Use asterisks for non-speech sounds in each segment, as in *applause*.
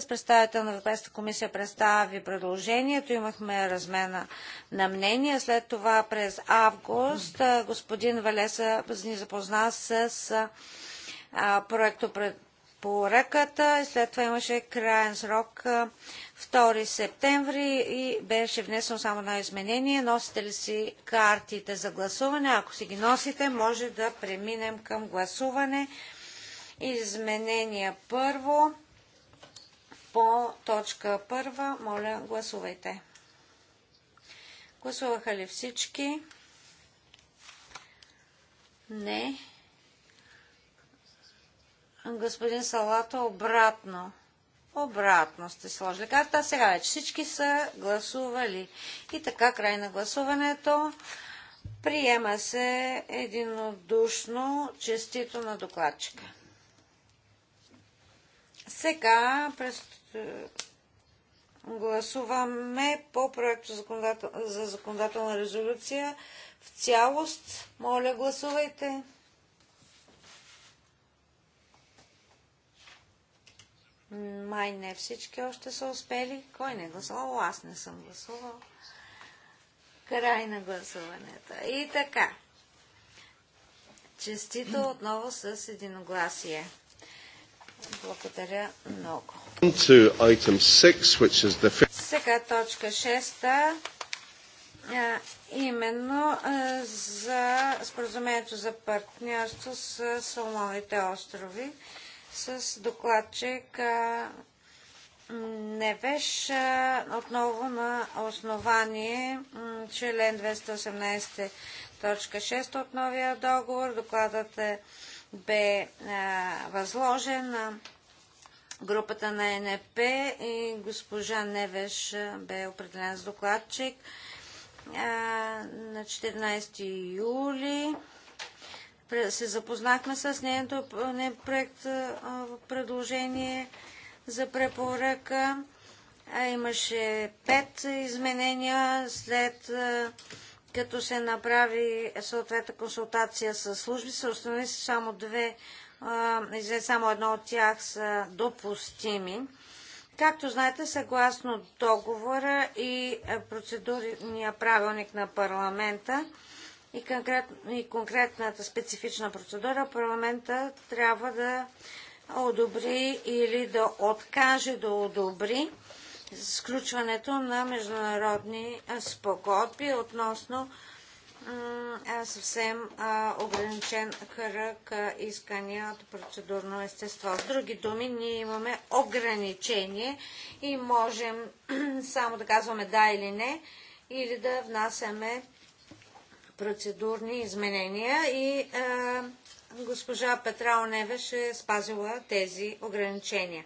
С представител на Европейската комисия представи предложението. Имахме размена на мнения. След това през август господин Валеса ни запозна с проекто пред поръката и след това имаше краен срок 2 септември и беше внесено само едно изменение. Носите ли си картите за гласуване? Ако си ги носите, може да преминем към гласуване. Изменение първо по точка първа. Моля, гласувайте. Гласуваха ли всички? Не. Господин Салата, обратно. Обратно сте сложили карта. Сега вече всички са гласували. И така, край на гласуването. Приема се единодушно честито на докладчика. Сега Гласуваме по проекто за законодателна резолюция в цялост. Моля, гласувайте. Май не всички още са успели. Кой не е гласувал? Аз не съм гласувал. Край на гласуването. И така. Честито отново с единогласие. Благодаря много. Сега точка 6 именно за споразумението за партньорство с Соломоните острови с докладчик Невеш отново на основание член 218.6 от новия договор. Докладът е бе възложен на групата на НП и госпожа Невеш бе определен с докладчик на 14 юли се запознахме с нейното проект предложение за препоръка. Имаше пет изменения след като се направи съответна консултация с служби, се установи само две, а, само едно от тях са допустими. Както знаете, съгласно договора и процедурния правилник на парламента и, конкрет, и конкретната специфична процедура, парламента трябва да одобри или да откаже да одобри сключването на международни спогодби относно съвсем ограничен кръг искания от процедурно естество. С други думи, ние имаме ограничение и можем *clears throat* само да казваме да или не, или да внасяме процедурни изменения и госпожа Петра Оневе ще е спазила тези ограничения.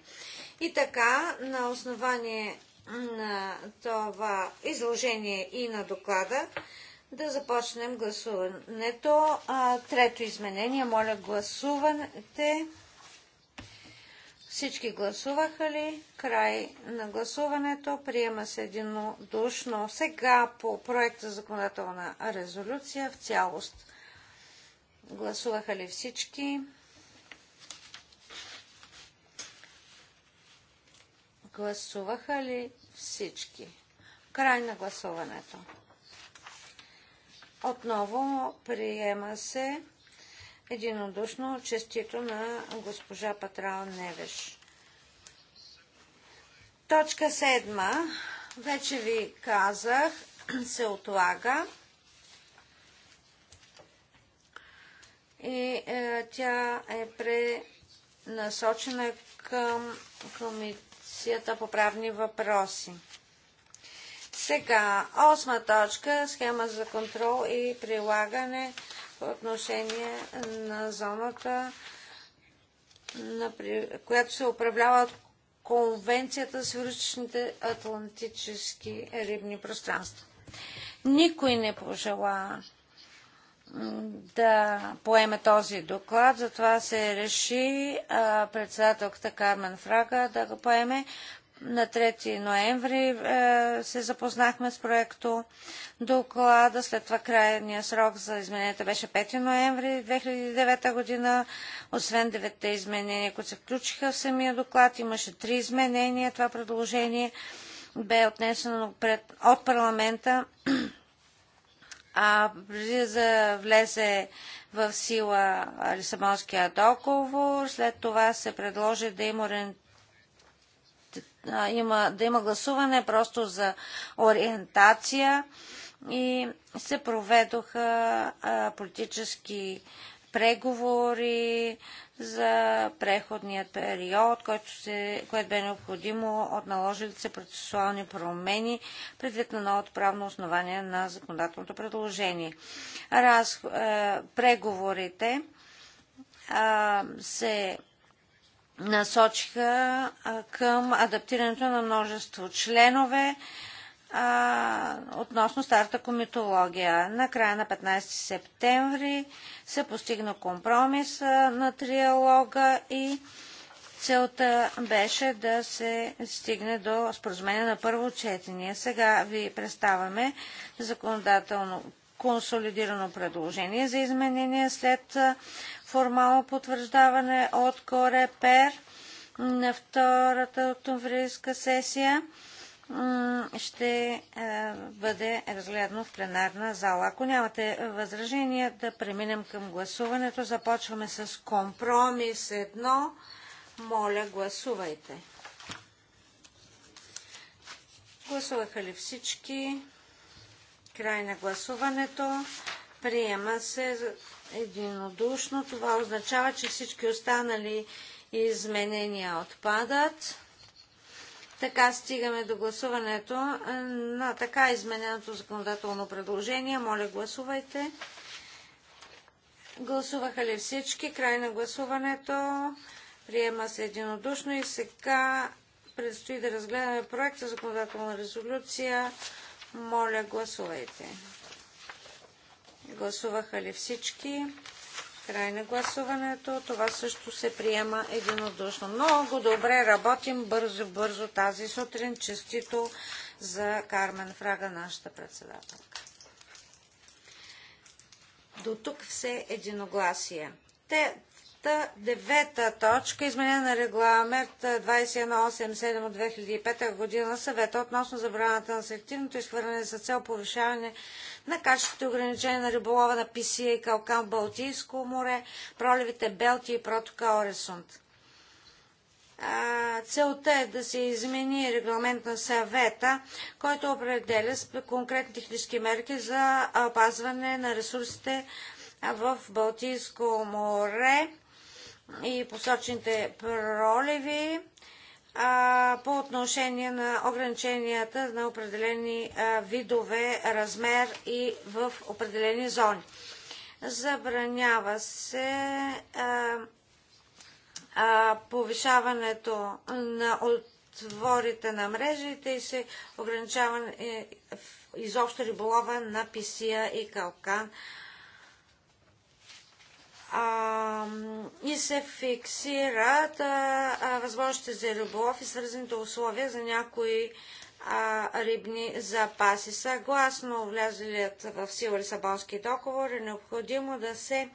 И така, на основание на това изложение и на доклада, да започнем гласуването. Трето изменение, моля гласувате. Всички гласуваха ли? Край на гласуването. Приема се единодушно. Сега по проекта законодателна резолюция в цялост. Гласуваха ли всички? Гласуваха ли всички? Край на гласуването. Отново приема се единодушно честито на госпожа Патрал Невеш. Точка седма, вече ви казах, *clears throat* се отлага. И е, тя е пренасочена към комитета Комисията по правни въпроси. Сега, осма точка, схема за контрол и прилагане по отношение на зоната, на, която се управлява от Конвенцията с юричните атлантически рибни пространства. Никой не пожела да поеме този доклад. Затова се реши председателката Кармен Фрага да го поеме. На 3 ноември е, се запознахме с проекто доклада. След това крайния срок за измененията беше 5 ноември 2009 година. Освен 9 изменения, които се включиха в самия доклад, имаше 3 изменения. Това предложение бе отнесено пред, от парламента а, преди да влезе в сила Лисабонския договор, след това се предложи да има има, да има гласуване просто за ориентация и се проведоха а, политически преговори за преходният период, който, се, което бе необходимо от наложили се процесуални промени предвид на новото правно основание на законодателното предложение. Раз, е, преговорите е, се насочиха е, към адаптирането на множество членове, а, относно старата комитология. Накрая на 15 септември се постигна компромис на триалога и целта беше да се стигне до споразумение на първо четение. Сега ви представяме законодателно консолидирано предложение за изменение след формално потвърждаване от Корепер на втората октомврийска сесия ще е, бъде разгледано в пленарна зала. Ако нямате възражения, да преминем към гласуването. Започваме с компромис едно. Моля, гласувайте. Гласуваха ли всички? Край на гласуването. Приема се единодушно. Това означава, че всички останали изменения отпадат. Така стигаме до гласуването на така измененото законодателно предложение. Моля, гласувайте. Гласуваха ли всички? Край на гласуването. Приема се единодушно и сега предстои да разгледаме проекта законодателна резолюция. Моля, гласувайте. Гласуваха ли всички? Край на гласуването. Това също се приема единодушно. Много добре работим бързо-бързо тази сутрин. Честито за Кармен Фрага, нашата председателка. До тук все единогласие. Те, Девета точка. Изменение на регламент 2187 от 2005 година съвета относно забраната на селективното изхвърляне за цел повишаване на качеството и ограничение на риболова на Писия и Калкан Балтийско море, проливите Белти и протока Оресунд. Целта е да се измени регламент на съвета, който определя конкретни технически мерки за опазване на ресурсите в Балтийско море и посочните проливи а, по отношение на ограниченията на определени а, видове, размер и в определени зони. Забранява се а, а, повишаването на отворите на мрежите и се ограничава е, изобщо риболова на писия и калкан а, и се фиксират а, а, възможности за любов и свързаните условия за някои а, рибни запаси. Съгласно влязлият в сила Лисабонски договор е необходимо да се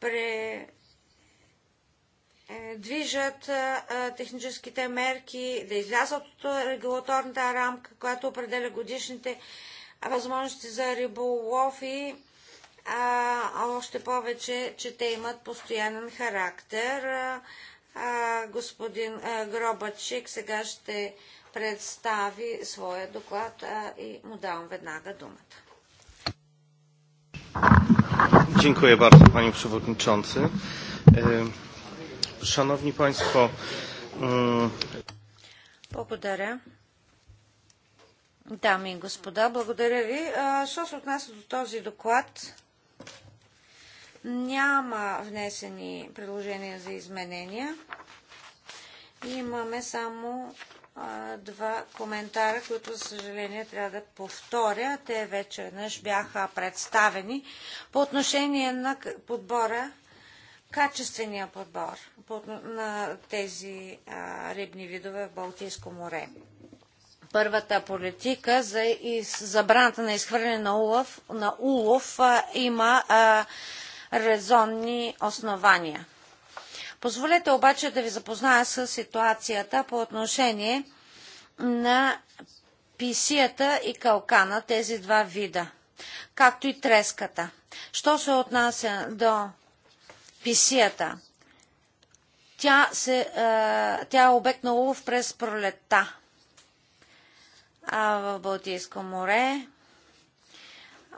пре е, движат техническите мерки, да излязат от регулаторната рамка, която определя годишните възможности за риболов и а, още повече, че те имат постоянен характер. А, господин а, Гробачик сега ще представи своя доклад а, и му давам веднага думата. Dziękuję bardzo Panie Przewodniczący. E, szanowni Państwo. Mm, благодаря. Дами и господа, благодаря ви. Що се отнася до този доклад? Няма внесени предложения за изменения. Имаме само а, два коментара, които, за съжаление, трябва да повторя. Те вече веднъж бяха представени по отношение на подбора, качествения подбор на тези а, рибни видове в Балтийско море. Първата политика за забраната на изхвърляне на улов, на улов а, има а, резонни основания. Позволете обаче да ви запозная с ситуацията по отношение на писията и калкана, тези два вида, както и треската. Що се отнася до писията? Тя, се, е, тя е обект на улов през пролетта а в Балтийско море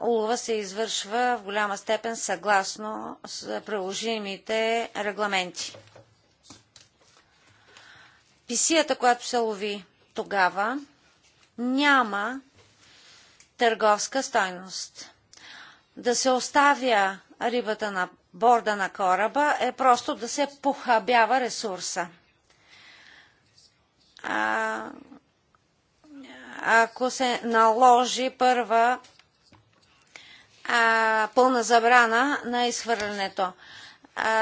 улова се извършва в голяма степен съгласно с приложимите регламенти. Писията, която се лови тогава, няма търговска стойност. Да се оставя рибата на борда на кораба е просто да се похабява ресурса. А, ако се наложи първа а, пълна забрана на изхвърлянето.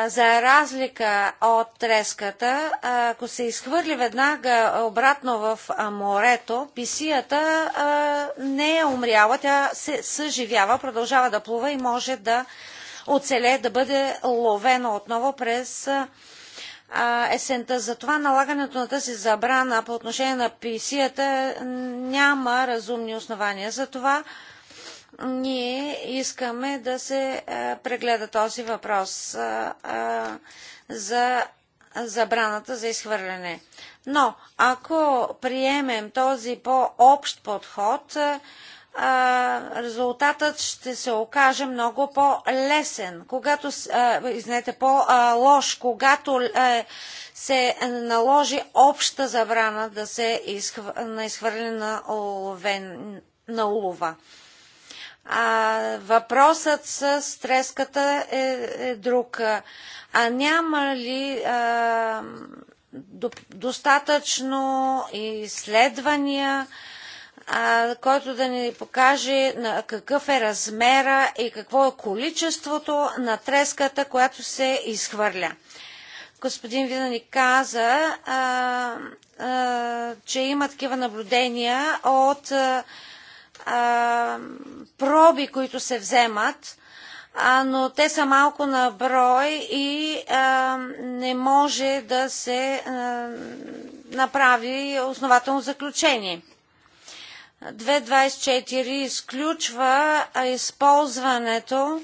за разлика от треската, ако се изхвърли веднага обратно в морето, писията не е умряла, тя се съживява, продължава да плува и може да оцеле, да бъде ловена отново през есента. Затова налагането на тази забрана по отношение на писията няма разумни основания. Затова това ние искаме да се е, прегледа този въпрос е, е, за забраната за изхвърляне. Но ако приемем този по-общ подход, резултатът ще се окаже много по-лесен, когато, изнете, по-лош, когато се наложи обща забрана да се изхвърля на, уловен... на улова. А, въпросът с треската е, е друг. А няма ли а, до, достатъчно изследвания, а, който да ни покаже на какъв е размера и какво е количеството на треската, която се изхвърля? господин Вина ни каза, а, а, че има такива наблюдения от а, проби, които се вземат, а, но те са малко на брой и а, не може да се а, направи основателно заключение. 2.24 изключва използването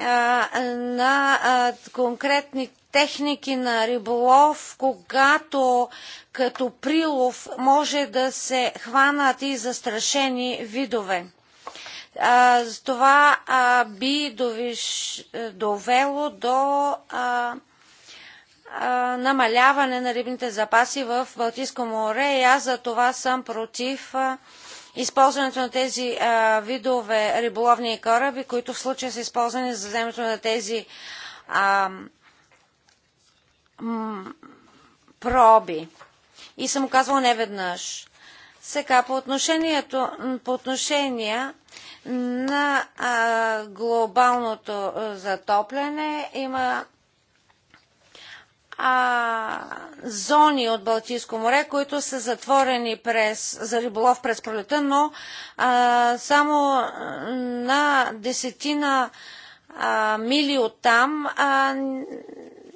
а, на а, конкретни техники на риболов, когато като прилов може да се хванат и застрашени видове. А, това а, би довиш, довело до а, намаляване на рибните запаси в Балтийско море и аз за това съм против използването на тези а, видове риболовни кораби, които в случая са използвани за вземането на тези а, проби. И съм казвала не веднъж. Сега по, отношението, по отношение на а, глобалното затопляне има а, зони от Балтийско море, които са затворени през, за риболов през пролета, но а, само на десетина а, мили от там а,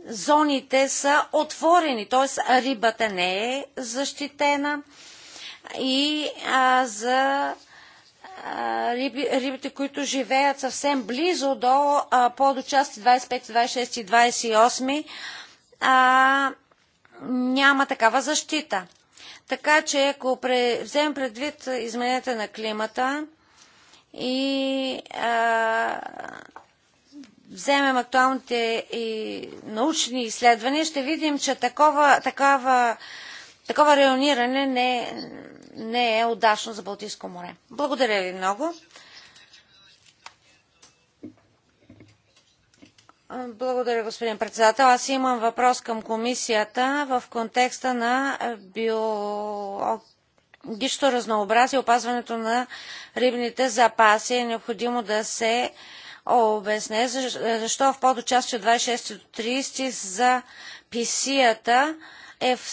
зоните са отворени, т.е. рибата не е защитена и а, за а, риби, рибите, които живеят съвсем близо до подучасти 25, 26 и 28, а, няма такава защита. Така че, ако пре, вземем предвид измененията на климата и а, вземем актуалните и научни изследвания, ще видим, че такова, такава, такова райониране не, не е удачно за Балтийско море. Благодаря ви много. Благодаря, господин председател. Аз имам въпрос към комисията в контекста на биологичното разнообразие, опазването на рибните запаси. Е необходимо да се обясне защо в подучастие 26-30 за писията е в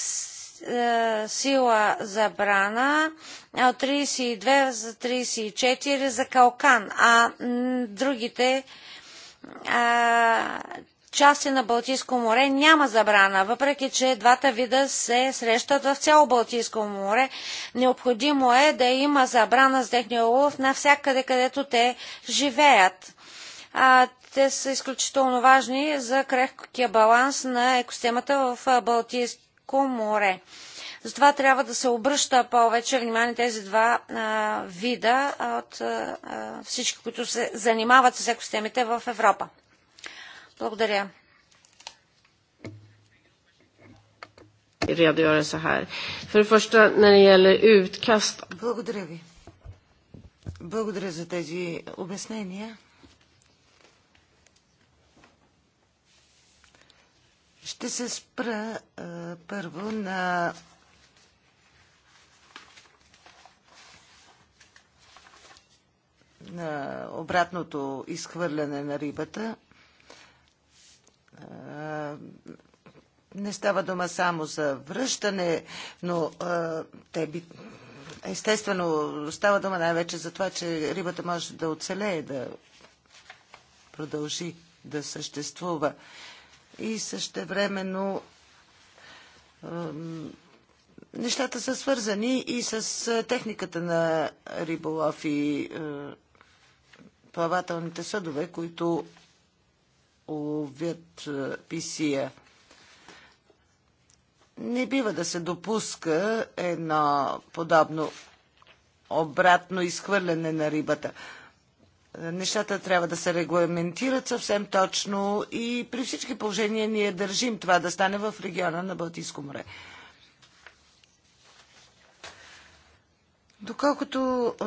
е, сила забрана от 32 за 34 за Калкан, а другите а, части на Балтийско море няма забрана, въпреки че двата вида се срещат в цяло Балтийско море. Необходимо е да има забрана с техния улов навсякъде, където те живеят те са изключително важни за крехкия баланс на екосистемата в Балтийско море. Затова трябва да се обръща повече внимание тези два а, вида от а, всички, които се занимават с екосистемите в Европа. Благодаря. det det utkast. Благодаря ви. Благодаря за тези обяснения. Ще се спра а, първо на на обратното изхвърляне на рибата. А, не става дума само за връщане, но а, те би, естествено става дума най-вече за това, че рибата може да оцелее, да продължи да съществува и същевременно нещата са свързани и с техниката на риболов и плавателните съдове, които ловят писия. Не бива да се допуска едно подобно обратно изхвърляне на рибата нещата трябва да се регламентират съвсем точно и при всички положения ние държим това да стане в региона на Балтийско море. Доколкото е,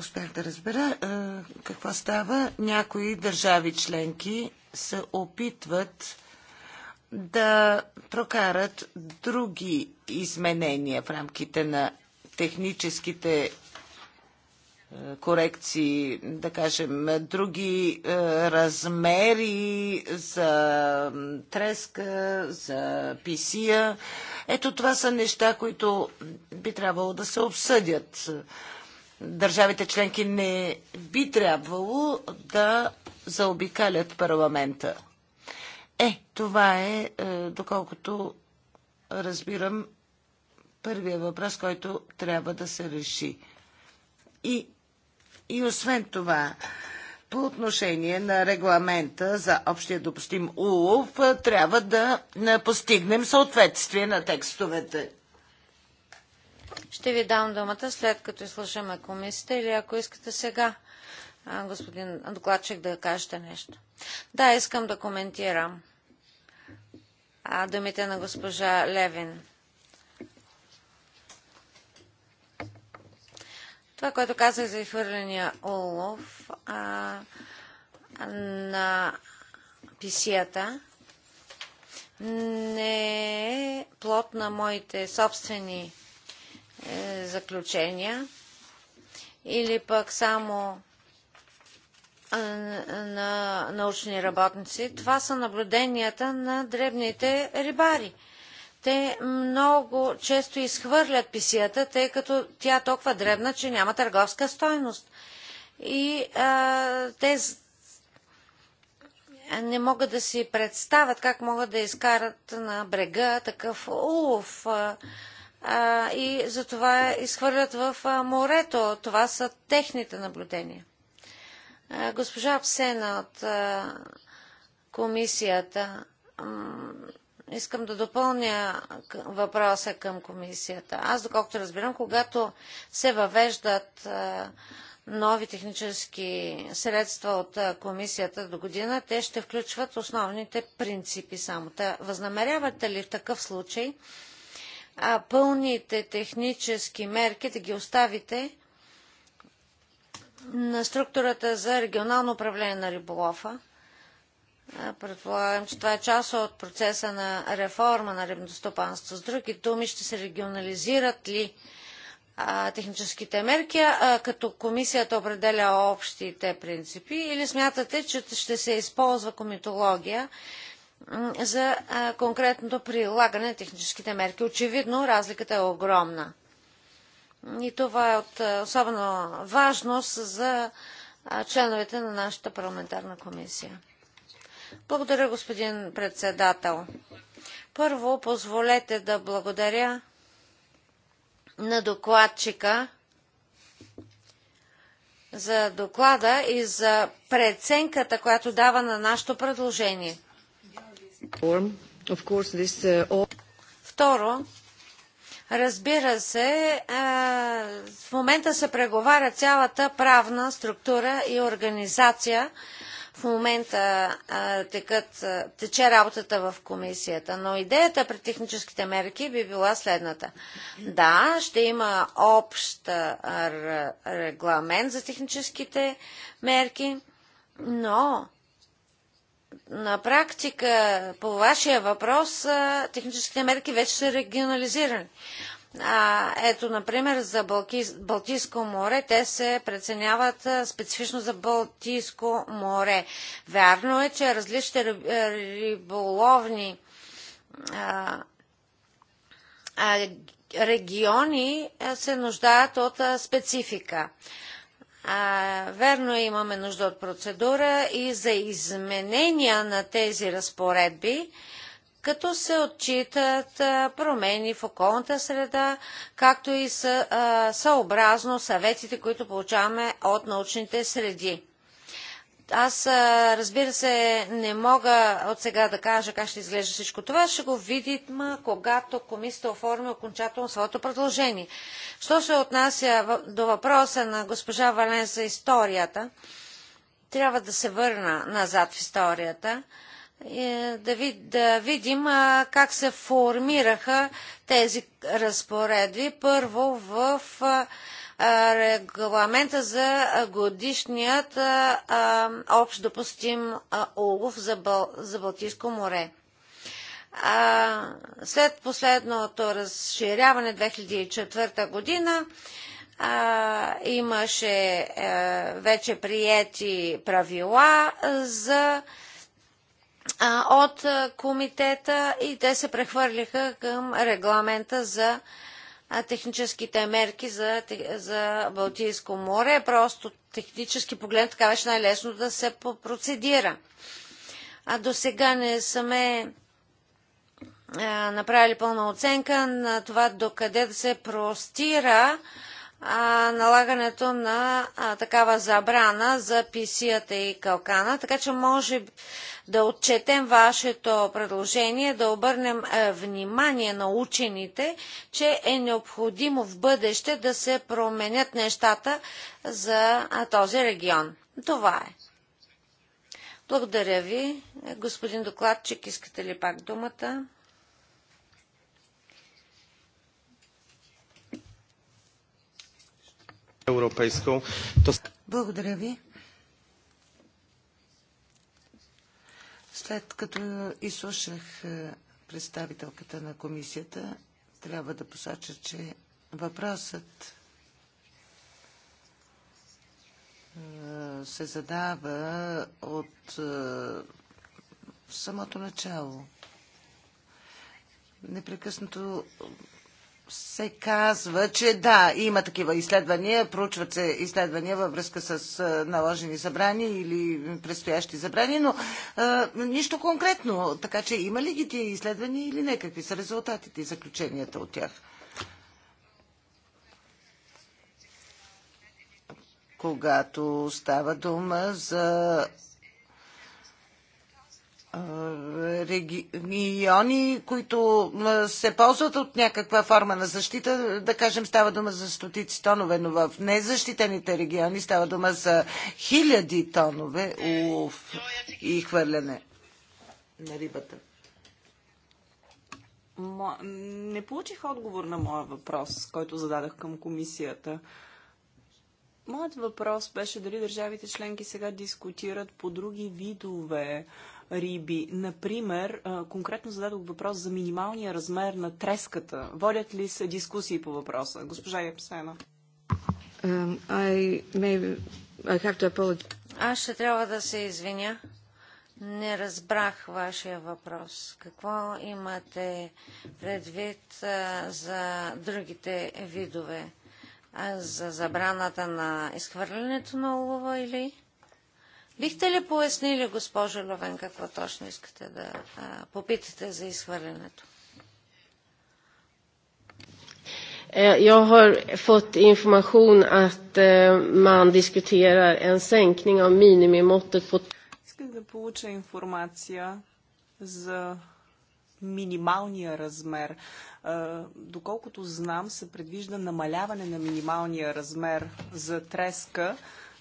успях да разбера е, какво става, някои държави членки се опитват да прокарат други изменения в рамките на техническите корекции, да кажем, други е, размери за треска, за писия. Ето това са неща, които би трябвало да се обсъдят. Държавите членки не би трябвало да заобикалят парламента. Е, това е, е доколкото разбирам, първия въпрос, който трябва да се реши. И и освен това, по отношение на регламента за общия допустим улов, трябва да постигнем съответствие на текстовете. Ще ви дам думата след като изслушаме комисията или ако искате сега, господин докладчик, да кажете нещо. Да, искам да коментирам думите на госпожа Левин. Това, което казах за изхвърления олов а, на писията, не е плод на моите собствени е, заключения или пък само на научни работници. Това са наблюденията на дребните рибари – те много често изхвърлят писията, тъй като тя е толкова дребна, че няма търговска стойност. И а, те не могат да си представят как могат да изкарат на брега такъв улов. А, и затова изхвърлят в морето. Това са техните наблюдения. А, госпожа Псена от а, комисията Искам да допълня въпроса към комисията. Аз, доколкото разбирам, когато се въвеждат нови технически средства от комисията до година, те ще включват основните принципи само. Та, възнамерявате ли в такъв случай а, пълните технически мерки да ги оставите на структурата за регионално управление на риболова? Предполагам, че това е част от процеса на реформа на рибното стопанство. С други думи, ще се регионализират ли а, техническите мерки, а, като комисията определя общите принципи или смятате, че ще се използва комитология за а, конкретното прилагане на техническите мерки? Очевидно, разликата е огромна. И това е от особено важност за членовете на нашата парламентарна комисия. Благодаря, господин председател. Първо, позволете да благодаря на докладчика за доклада и за преценката, която дава на нашето предложение. Uh, Второ, разбира се, в момента се преговаря цялата правна структура и организация в момента а, текът, тече работата в комисията, но идеята при техническите мерки би била следната. Да, ще има общ регламент за техническите мерки, но на практика, по вашия въпрос, техническите мерки вече са регионализирани ето, например, за Балтийско море те се преценяват специфично за Балтийско море. Вярно е, че различните риболовни региони се нуждаят от специфика. Верно е, имаме нужда от процедура и за изменения на тези разпоредби като се отчитат промени в околната среда, както и съобразно съветите, които получаваме от научните среди. Аз, разбира се, не мога от сега да кажа как ще изглежда всичко това. Ще го видим, когато комисията оформи окончателно своето предложение. Що се отнася до въпроса на госпожа Вален за историята, трябва да се върна назад в историята. Е, да, ви, да видим а, как се формираха тези разпоредби. Първо в а, регламента за годишният а, общ допустим улов за, Бал, за Балтийско море. А, след последното разширяване 2004 година а, имаше а, е, вече приети правила за а, от комитета и те се прехвърлиха към регламента за техническите мерки за, за Балтийско море. Просто технически поглед, така беше най-лесно да се процедира. А до сега не сме направили пълна оценка на това докъде да се простира налагането на такава забрана за писията и калкана. Така че може да отчетем вашето предложение, да обърнем е, внимание на учените, че е необходимо в бъдеще да се променят нещата за този регион. Това е. Благодаря ви. Господин докладчик, искате ли пак думата? Европейско. Благодаря ви. След като изслушах е, представителката на комисията, трябва да посоча, че въпросът е, се задава от е, самото начало. Непрекъснато се казва, че да, има такива изследвания, проучват се изследвания във връзка с наложени забрани или предстоящи забрани, но а, нищо конкретно. Така че има ли ги тия изследвания или не? Какви са резултатите и заключенията от тях? Когато става дума за региони, които се ползват от някаква форма на защита. Да кажем, става дума за стотици тонове, но в незащитените региони става дума за хиляди тонове улов и хвърляне на рибата. Не получих отговор на моя въпрос, който зададах към комисията. Моят въпрос беше дали държавите членки сега дискутират по други видове риби. Например, конкретно зададох въпрос за минималния размер на треската. Водят ли се дискусии по въпроса? Госпожа Япсена. Um, I may... I Аз ще трябва да се извиня. Не разбрах вашия въпрос. Какво имате предвид а, за другите видове? А, за забраната на изхвърлянето на улова или? Бихте ли пояснили, госпожо Ловен, какво точно искате да а, попитате за изхвърлянето? Е, jag har fått information att е, man diskuterar en sänkning av minimimåttet på... Исках да получа информация за минималния размер. Е, доколкото знам, се предвижда намаляване на минималния размер за треска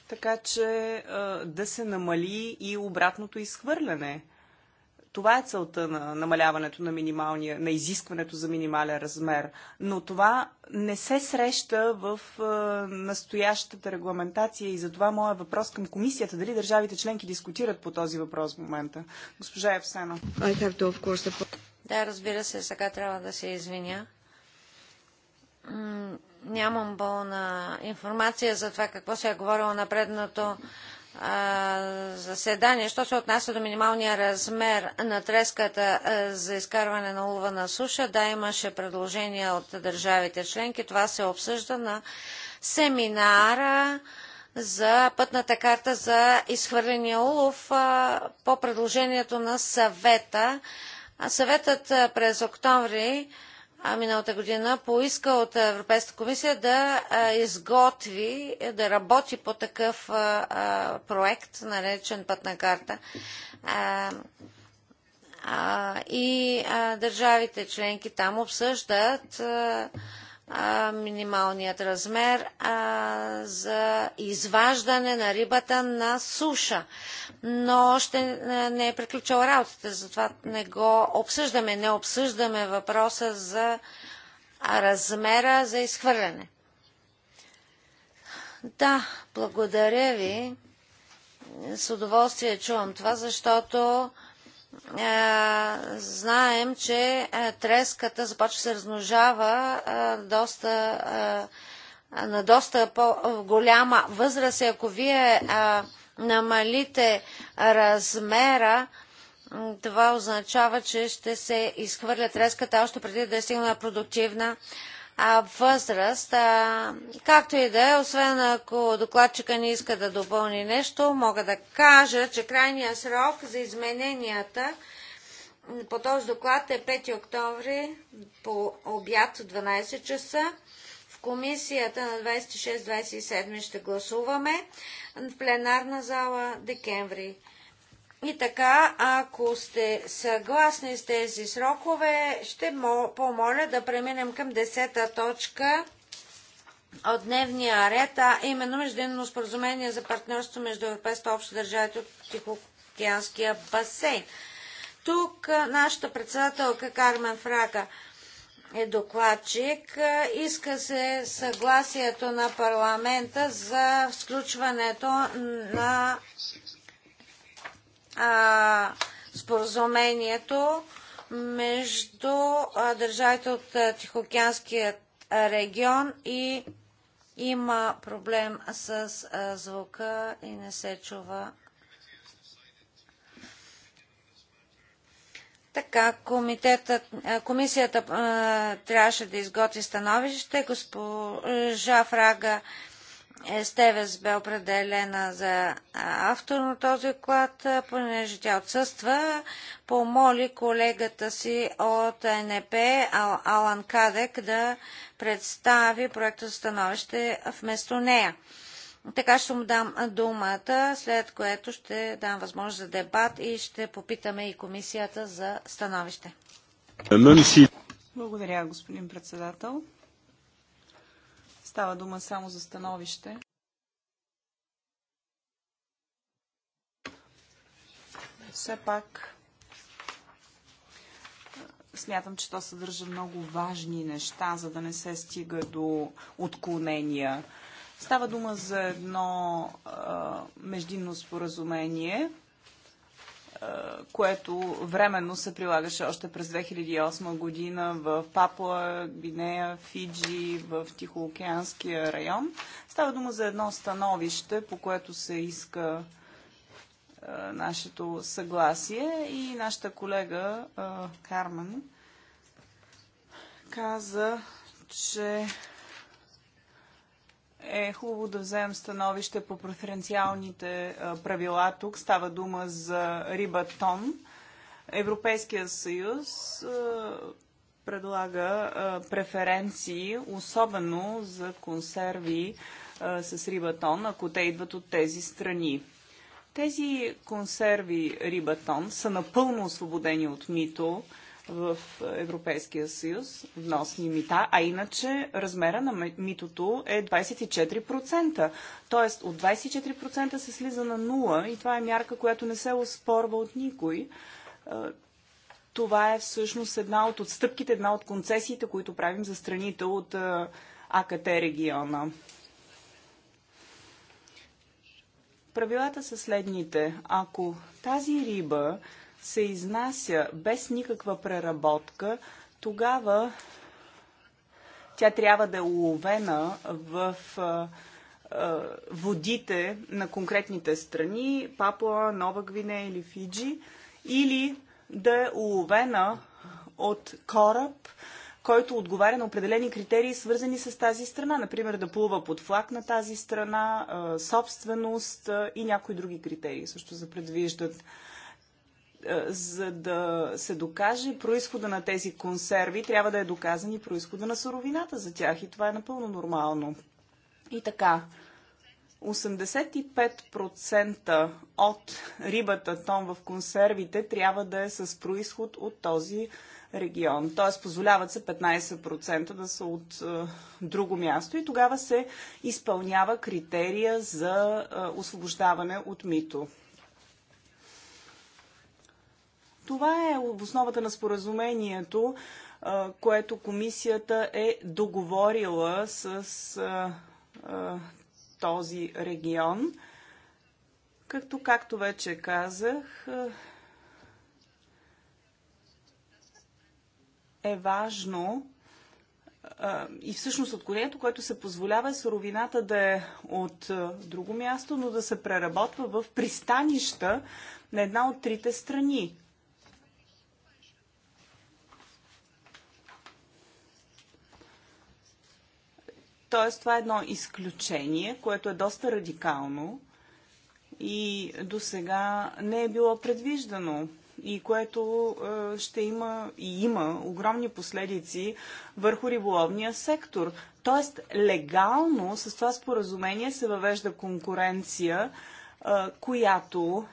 така че да се намали и обратното изхвърляне. Това е целта на намаляването на минималния, на изискването за минимален размер. Но това не се среща в настоящата регламентация и затова моя въпрос към комисията. Дали държавите членки дискутират по този въпрос в момента? Госпожа Евсена. Да, разбира се, сега трябва да се извиня. Нямам болна информация за това какво се е говорило на предното заседание. Що се отнася до минималния размер на треската за изкарване на улва на суша, да, имаше предложения от държавите членки. Това се обсъжда на семинара за пътната карта за изхвърления улов по предложението на съвета. Съветът през октомври миналата година поиска от Европейската комисия да изготви, да работи по такъв проект, наречен пътна карта. И държавите членки там обсъждат минималният размер а, за изваждане на рибата на суша. Но още не е приключила работата, затова не го обсъждаме. Не обсъждаме въпроса за размера за изхвърляне. Да, благодаря ви. С удоволствие чувам това, защото е, знаем, че е, треската започва да се размножава е, доста, на доста по-голяма възраст. И ако вие намалите размера, това означава, че ще се изхвърля треската още преди да е стигнала продуктивна а, възраст. А, както и да е, освен ако докладчика не иска да допълни нещо, мога да кажа, че крайният срок за измененията по този доклад е 5 октомври по обяд 12 часа. В комисията на 26-27 ще гласуваме в пленарна зала декември. И така, ако сте съгласни с тези срокове, ще помоля да преминем към 10-та точка от дневния ред, а именно междинно споразумение за партньорство между Европейската обща държава от Тихоокеанския басейн. Тук нашата председателка Кармен Фрака е докладчик. Иска се съгласието на парламента за включването на а, споразумението между а, държавите от а, Тихоокеанския регион и има проблем с а, звука и не се чува. Така, комисията а, трябваше да изготви становище. Госпожа Фрага Стевес бе определена за автор на този доклад, понеже тя отсъства, помоли колегата си от НП Алан Кадек да представи проекта становище вместо нея. Така ще му дам думата, след което ще дам възможност за дебат и ще попитаме и комисията за становище. Е, Благодаря, господин председател. Става дума само за становище. Все пак смятам, че то съдържа много важни неща, за да не се стига до отклонения. Става дума за едно а, междинно споразумение, което временно се прилагаше още през 2008 година в Папуа, Гвинея, Фиджи, в Тихоокеанския район. Става дума за едно становище, по което се иска а, нашето съгласие и нашата колега а, Кармен каза, че е хубаво да вземем становище по преференциалните е, правила. Тук става дума за риба тон. Европейския съюз е, предлага е, преференции, особено за консерви с рибатон, ако те идват от тези страни. Тези консерви рибатон са напълно освободени от мито в Европейския съюз, вносни мита, а иначе размера на митото е 24%. Тоест от 24% се слиза на 0 и това е мярка, която не се оспорва от никой. Това е всъщност една от отстъпките, една от концесиите, които правим за страните от АКТ региона. Правилата са следните. Ако тази риба се изнася без никаква преработка, тогава тя трябва да е уловена в а, а, водите на конкретните страни, Папуа, Нова Гвинея или Фиджи, или да е уловена от кораб, който отговаря на определени критерии, свързани с тази страна. Например, да плува под флаг на тази страна, собственост и някои други критерии също се предвиждат. Е, за да се докаже происхода на тези консерви, трябва да е доказан и происхода на суровината за тях. И това е напълно нормално. И така, 85% от рибата тон в консервите трябва да е с происход от този регион. Т.е. позволяват се 15% да са от е, друго място и тогава се изпълнява критерия за е, освобождаване от мито. Това е в основата на споразумението, което комисията е договорила с този регион. Както, както вече казах, е важно и всъщност откорението, което се позволява е суровината да е от друго място, но да се преработва в пристанища на една от трите страни. Тоест, това е едно изключение, което е доста радикално и до сега не е било предвиждано и което е, ще има и има огромни последици върху риболовния сектор. Тоест, легално с това споразумение се въвежда конкуренция, е, която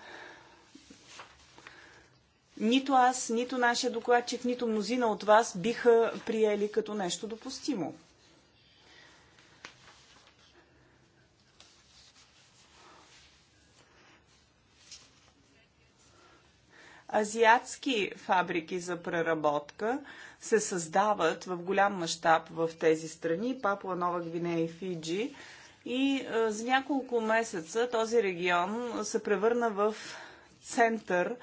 нито аз, нито нашия докладчик, нито мнозина от вас биха приели като нещо допустимо. азиатски фабрики за преработка се създават в голям мащаб в тези страни, Папуа Нова Гвинея и Фиджи. И за няколко месеца този регион се превърна в център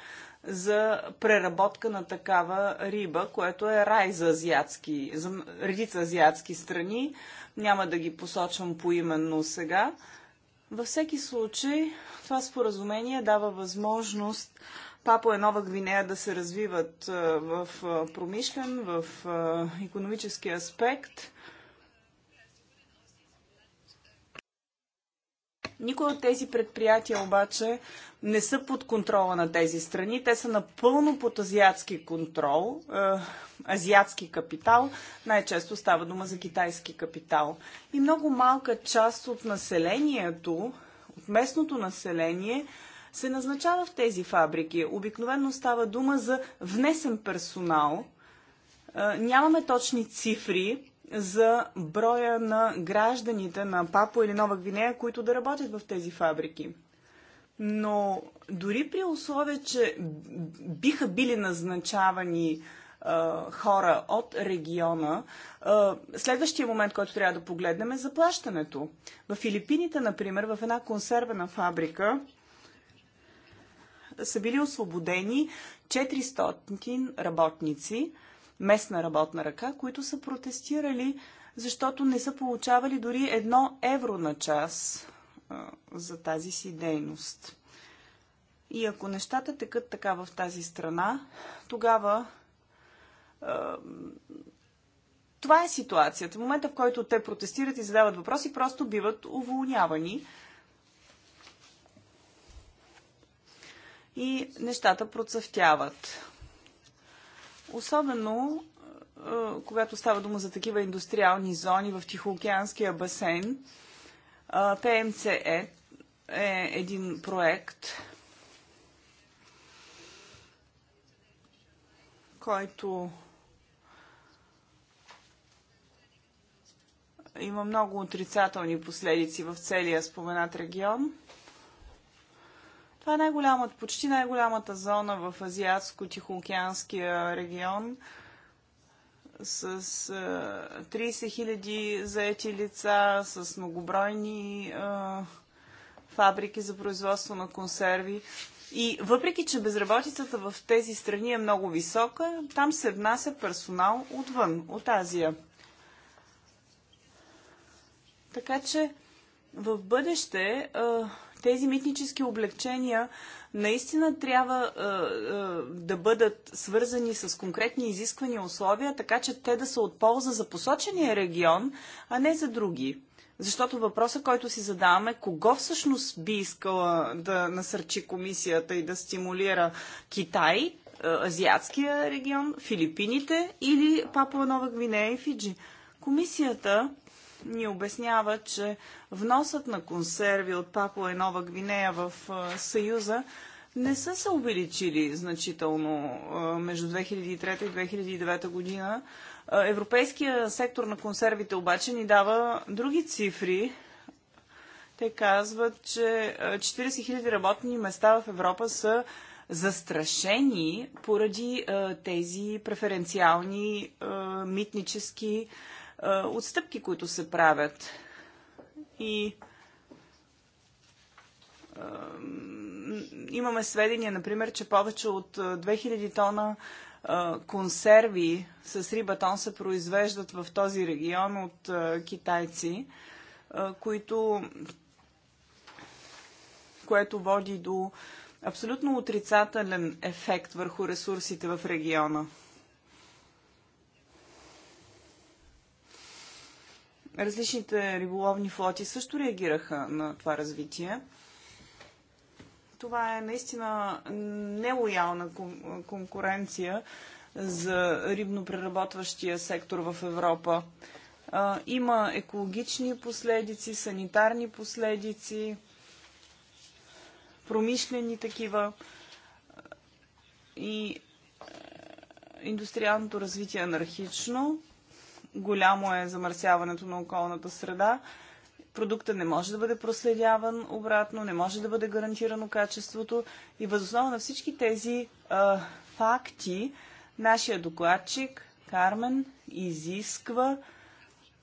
за преработка на такава риба, което е рай за азиатски, за редица азиатски страни. Няма да ги посочвам поименно сега. Във всеки случай, това споразумение дава възможност Папуа е Нова Гвинея да се развиват в промишлен, в економически аспект. Никой от тези предприятия обаче не са под контрола на тези страни. Те са напълно под азиатски контрол, азиатски капитал. Най-често става дума за китайски капитал. И много малка част от населението, от местното население, се назначава в тези фабрики. Обикновено става дума за внесен персонал. Е, нямаме точни цифри за броя на гражданите на Папо или Нова Гвинея, които да работят в тези фабрики. Но дори при условие, че биха били назначавани е, хора от региона, е, следващия момент, който трябва да погледнем е заплащането. В Филипините, например, в една консервена фабрика са били освободени 400 работници, местна работна ръка, които са протестирали, защото не са получавали дори едно евро на час за тази си дейност. И ако нещата текат така в тази страна, тогава това е ситуацията. В момента, в който те протестират и задават въпроси, просто биват уволнявани и нещата процъфтяват. Особено е, когато става дума за такива индустриални зони в Тихоокеанския басейн, е, ПМЦЕ е един проект, който има много отрицателни последици в целия споменат регион – това е най-голямата, почти най-голямата зона в Азиатско-Тихоокеанския регион с 30 000 заети лица, с многобройни а, фабрики за производство на консерви. И въпреки, че безработицата в тези страни е много висока, там се внася персонал отвън, от Азия. Така че в бъдеще а, тези митнически облегчения наистина трябва е, е, да бъдат свързани с конкретни изисквания условия, така че те да са от полза за посочения регион, а не за други. Защото въпроса, който си задаваме, кого всъщност би искала да насърчи комисията и да стимулира Китай, е, азиатския регион, Филипините или Папуа Нова Гвинея и Фиджи? Комисията ни обяснява, че вносът на консерви от Папуа и Нова Гвинея в Съюза не са се увеличили значително между 2003 и 2009 година. Европейския сектор на консервите обаче ни дава други цифри. Те казват, че 40 000 работни места в Европа са застрашени поради тези преференциални митнически отстъпки, които се правят. И имаме сведения, например, че повече от 2000 тона консерви с рибатон се произвеждат в този регион от китайци, които, което води до абсолютно отрицателен ефект върху ресурсите в региона. Различните риболовни флоти също реагираха на това развитие. Това е наистина нелоялна конкуренция за рибнопреработващия сектор в Европа. Има екологични последици, санитарни последици, промишлени такива и е, индустриалното развитие е анархично голямо е замърсяването на околната среда. Продукта не може да бъде проследяван обратно, не може да бъде гарантирано качеството. И възоснова на всички тези а, факти, нашия докладчик Кармен изисква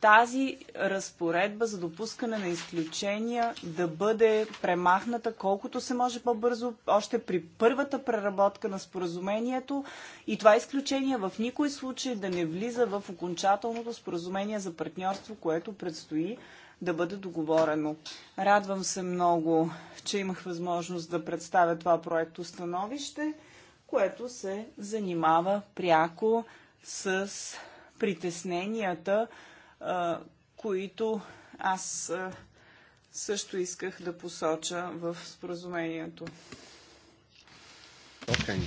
тази разпоредба за допускане на изключения да бъде премахната колкото се може по-бързо, още при първата преработка на споразумението и това изключение в никой случай да не влиза в окончателното споразумение за партньорство, което предстои да бъде договорено. Радвам се много, че имах възможност да представя това проекто становище, което се занимава пряко с притесненията, които аз също исках да посоча в споразумението. Okay.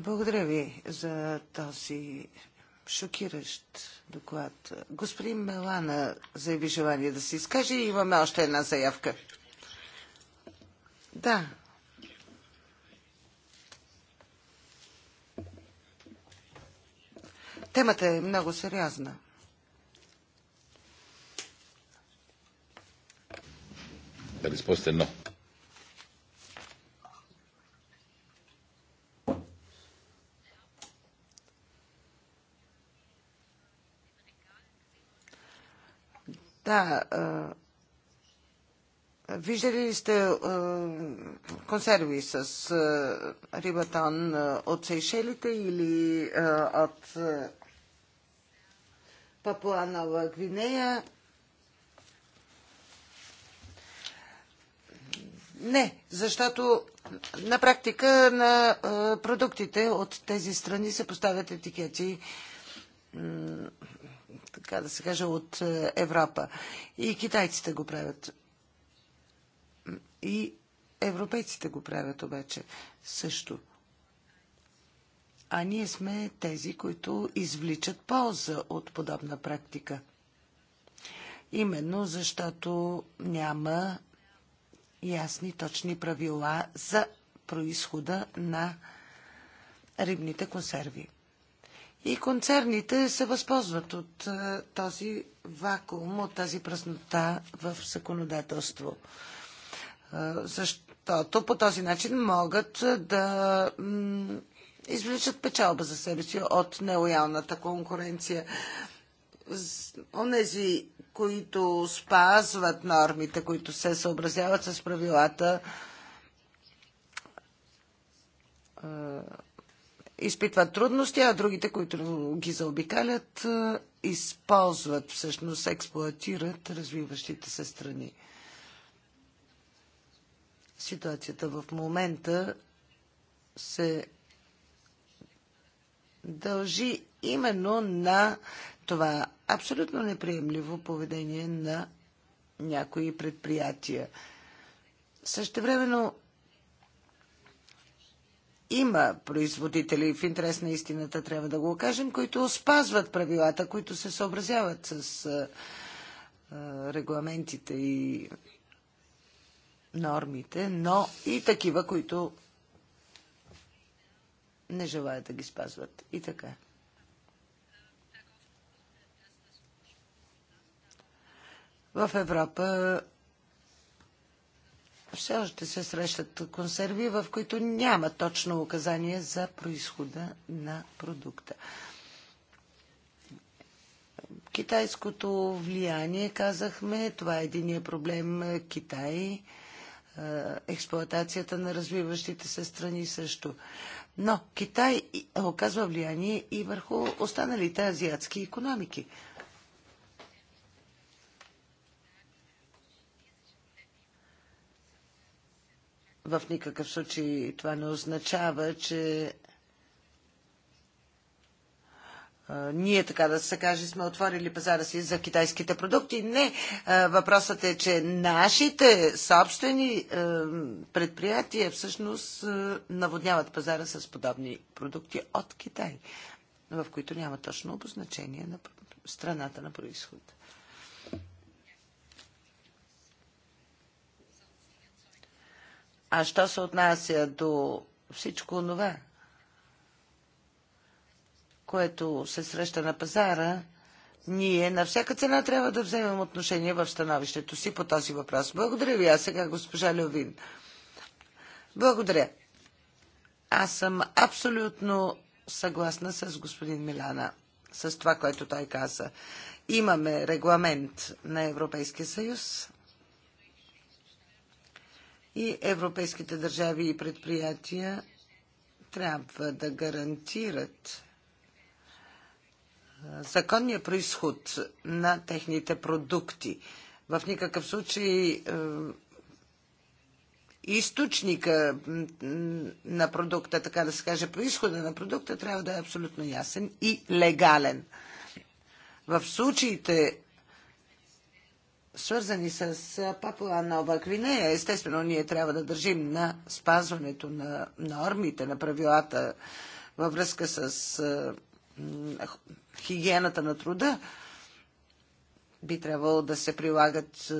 Благодаря ви за този шокиращ доклад. Господин Мелана заяви желание да се изкаже и имаме още една заявка. Да, Темата е много сериозна. Да ли спосте no. Да. Виждали ли сте консерви с рибатон от Сейшелите или от Папуа Нова Гвинея. Не, защото на практика на продуктите от тези страни се поставят етикети така да се каже, от Европа. И китайците го правят. И европейците го правят обаче също а ние сме тези, които извличат полза от подобна практика. Именно защото няма ясни, точни правила за происхода на рибните консерви. И концерните се възползват от е, този вакуум, от тази празнота в законодателство. Е, защото по този начин могат е, да извличат печалба за себе си от нелоялната конкуренция. Онези, които спазват нормите, които се съобразяват с правилата, е, изпитват трудности, а другите, които ги заобикалят, е, използват, всъщност експлуатират развиващите се страни. Ситуацията в момента се дължи именно на това абсолютно неприемливо поведение на някои предприятия. времено има производители, в интерес на истината трябва да го кажем, които спазват правилата, които се съобразяват с регламентите и нормите, но и такива, които не желаят да ги спазват. И така. В Европа все още се срещат консерви, в които няма точно указание за происхода на продукта. Китайското влияние, казахме, това е единия проблем е, Китай е, експлоатацията на развиващите се страни също. Но Китай е, оказва влияние и върху останалите азиатски економики. В никакъв случай това не означава, че ние, така да се каже, сме отворили пазара си за китайските продукти. Не, въпросът е, че нашите собствени предприятия всъщност наводняват пазара с подобни продукти от Китай, в които няма точно обозначение на страната на происход. А що се отнася до всичко това, което се среща на пазара, ние на всяка цена трябва да вземем отношение в становището си по този въпрос. Благодаря ви, а сега госпожа Левин. Благодаря. Аз съм абсолютно съгласна с господин Милана, с това, което той каза. Имаме регламент на Европейския съюз и европейските държави и предприятия трябва да гарантират законния происход на техните продукти. В никакъв случай е, източника на продукта, така да се каже, происхода на продукта трябва да е абсолютно ясен и легален. В случаите, свързани с е, Папуа Нова Квинея, естествено ние трябва да държим на спазването на нормите, на правилата във връзка с е, хигиената на труда, би трябвало да се прилагат е,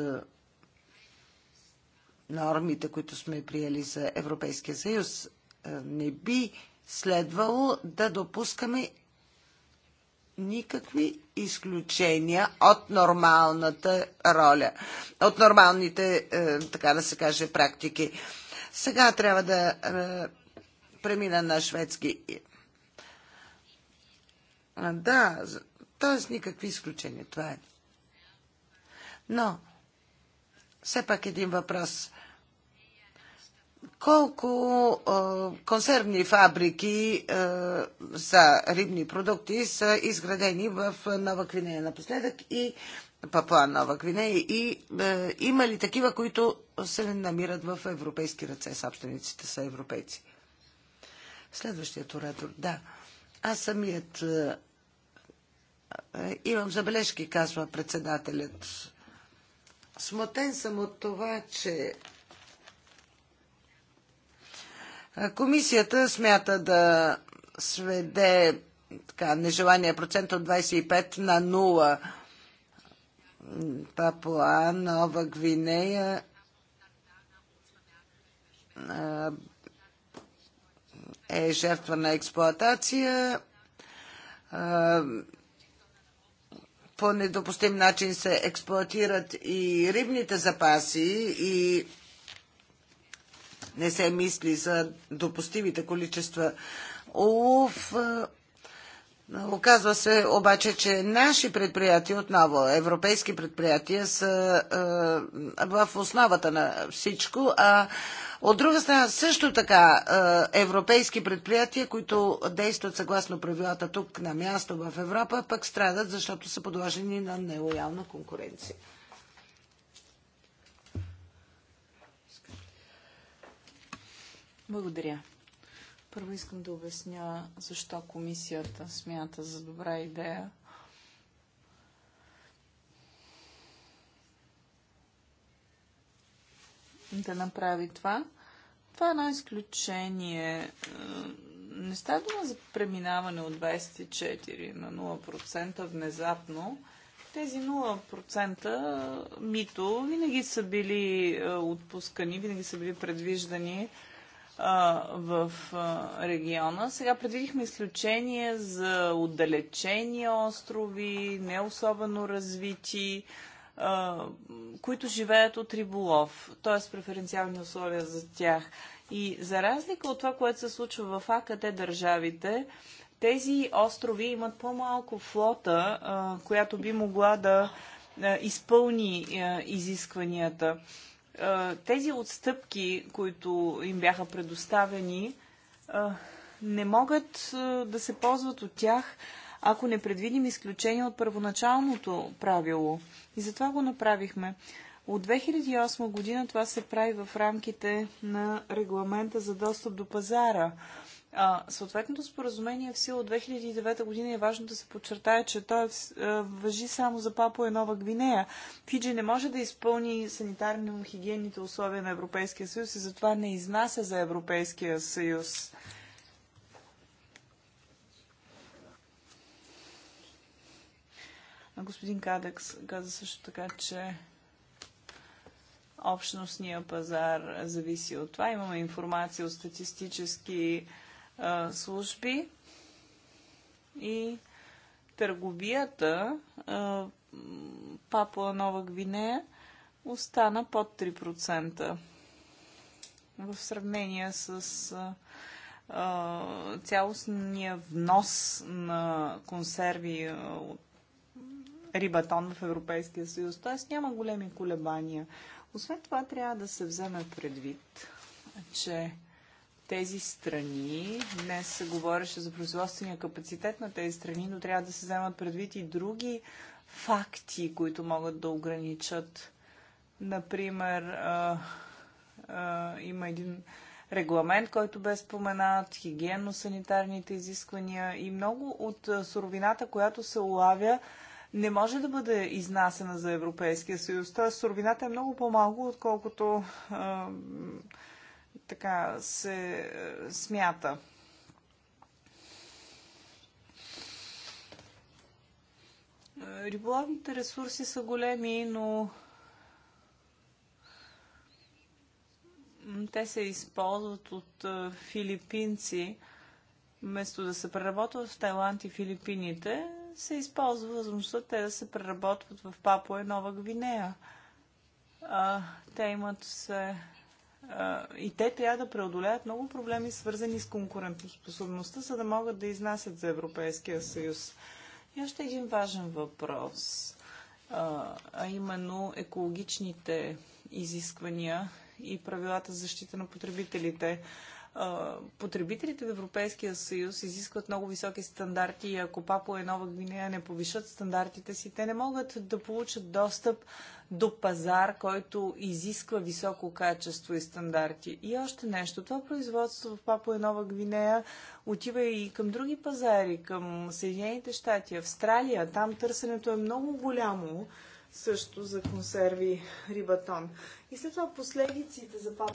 нормите, които сме приели за Европейския съюз. Е, не би следвало да допускаме никакви изключения от нормалната роля, от нормалните, е, така да се каже, практики. Сега трябва да премина на шведски а, да, т.е. никакви изключения. Това е. Но, все пак един въпрос. Колко а, консервни фабрики а, за рибни продукти са изградени в Нова Квинея напоследък и Папуа Нова Квинея и а, има ли такива, които се намират в европейски ръце, собствениците са европейци? Следващият оратор, да. Аз самият е, имам забележки, казва председателят. Смутен съм от това, че е, комисията смята да сведе така, нежелания процент от 25 на 0. Папуа, Нова Гвинея, е, е жертва на експлоатация по недопустим начин се експлоатират и рибните запаси и не се мисли за допустимите количества улов. Оказва се обаче, че наши предприятия, отново европейски предприятия, са е, в основата на всичко, а от друга страна също така е, европейски предприятия, които действат съгласно правилата тук на място в Европа, пък страдат, защото са подложени на нелоялна конкуренция. Благодаря. Първо искам да обясня защо комисията смята за добра идея да направи това. Това е едно изключение. Е, не става дума за преминаване от 24 на 0% внезапно. Тези 0% мито винаги са били е, отпускани, винаги са били предвиждани в региона. Сега предвидихме изключение за отдалечени острови, не особено развити, които живеят от риболов, т.е. преференциални условия за тях. И за разлика от това, което се случва в АКТ държавите, тези острови имат по-малко флота, която би могла да изпълни изискванията тези отстъпки, които им бяха предоставени, не могат да се ползват от тях, ако не предвидим изключение от първоначалното правило. И затова го направихме. От 2008 година това се прави в рамките на регламента за достъп до пазара. А, съответното споразумение в сила от 2009 година е важно да се подчертае, че то е, въжи само за папо и Нова Гвинея. Фиджи не може да изпълни санитарно-хигиенните условия на Европейския съюз и затова не изнася за Европейския съюз. Господин Кадекс каза също така, че общностния пазар зависи от това. Имаме информация от статистически служби и търговията Папуа Нова Гвинея остана под 3% в сравнение с цялостния внос на консерви от рибатон в Европейския съюз. Т.е. няма големи колебания. Освен това трябва да се вземе предвид, че тези страни. Днес се говореше за производствения капацитет на тези страни, но трябва да се вземат предвид и други факти, които могат да ограничат. Например, а, а, има един регламент, който бе споменат, хигиенно-санитарните изисквания и много от суровината, която се улавя, не може да бъде изнасена за Европейския съюз. Тоест, суровината е много по-малко, отколкото а, така се е, смята. Риболовните ресурси са големи, но те се използват от е, филипинци. Вместо да се преработват в Тайланд и Филипините, се използва възможността те да се преработват в Папуа и Нова Гвинея. те имат все и те трябва да преодолеят много проблеми, свързани с конкурентоспособността, за да могат да изнасят за Европейския съюз. И още един важен въпрос, а именно екологичните изисквания и правилата за защита на потребителите потребителите в Европейския съюз изискват много високи стандарти и ако папо и Нова Гвинея не повишат стандартите си, те не могат да получат достъп до пазар, който изисква високо качество и стандарти. И още нещо. Това производство в Папо и Нова Гвинея отива и към други пазари, към Съединените щати, Австралия. Там търсенето е много голямо също за консерви рибатон. И след това последиците за 500